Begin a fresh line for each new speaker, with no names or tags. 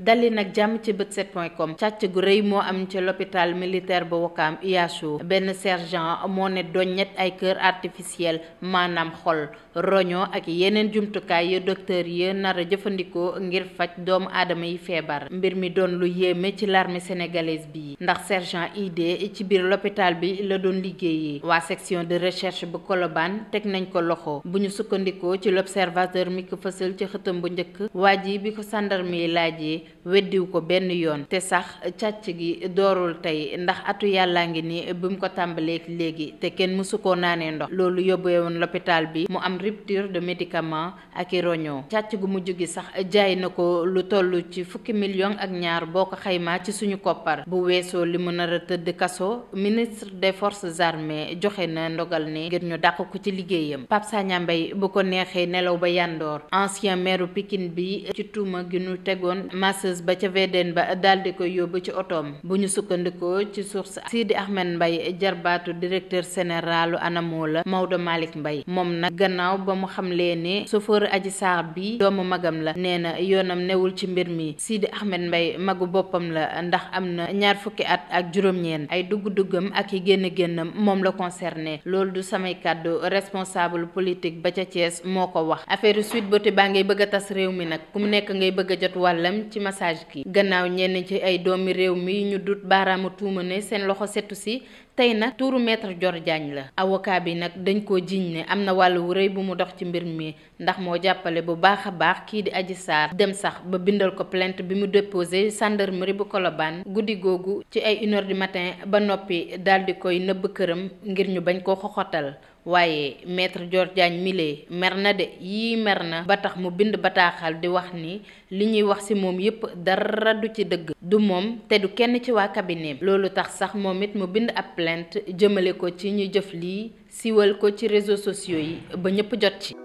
dalli nag jàmm ci bët set point com càcc gu moo am ca l'hôpital militaire ba Wakaam IASO benn sergent moo ne doññet ay kër artificiel maanaam xol roño ak yeneen jumtukaay ya docteur yi nar a jëfandikoo ngir faj doomu aadama yi feebar mbir mi doon lu yéeme ci l'armée sénégalaise bi ndax sergent ID ci biir l'hôpital bi la doon liggéeyee waa section de recherche bu Colobane teg nañ ko loxo bu ñu sukkandikoo ci l'observateur mi ko fësal ci xëtam bu njëkk waa ji bi ko sàndarme laajee weddiw ko benn yoon te sax cacc gi doorul tey ndax atu yàllaa ngi ni bi ko tàmbalee léegi te kenn mësu koo naanee ndox loolu yóbbee woon l'hôpital bi mu am rupture de médicament ak i roñoo càcc gu mu jóge sax jaay na ko lu toll ci fukki million ak ñaar boo ko xaymaa ci suñu koppar bu weesoo li mu nar a tëdd kaso ministre des forces armées joxe na ndogal ne ngir ñu dàq ko ci liggéeyam Pape Sagna Mbaye bu ko neexee nelaw ba yandoor ancien maire Pikine bi ci masseuse ba ca VDN ba daal koy yóbbu ci otoom bu ñu sukkandikoo ci source Sidi Ahmed Mbaye jarbaatu directeur généralu ANAMO la Maodo Malick mbay moom nag gannaaw ba mu xamlee ne chauffeur aji Sarr bi doomu magam la nee na yoonam newul ci mbir mi Sidi Ahmed mbay magu boppam la ndax am na ñaar fukki at ak juróom-ñeent ay dugg-duggam ak yi génn génnam moom la concerné loolu du samay kàddu responsable politique ba ca Thiès moo ko wax affaire Sweet Beauté baa ngay bëgg mi nag massage ki gannaaw ñenn ci ay doomi réew mi ñu dut baaraamu tuuma ne seen loxo setu si tey nag tuuru maître Dior Diagne la avocat bi nag dañ koo jiiñ ne am na wàll wu rëy bu mu dox ci mbir mi ndax moo jàppale bu baax a baax kii di Adji Sarr dem sax ba bindal ko plainte bi mu déposé gendarmerie bu Colobane guddi googu ci ay une matin ba noppi daal di koy nëbb këram ngir ñu bañ koo xoxotal waaye maître Dior Diagne mile mer na de yii mer na ba tax mu bind bataaxal di wax ni li ñuy wax ci moom yépp dara du ci dëgg du moom te du kenn ci waa cabinet plainte jëmale ko ci ñu jëf lii siiwal ko ci réseaux sociaux yi ba ñëpp jot ci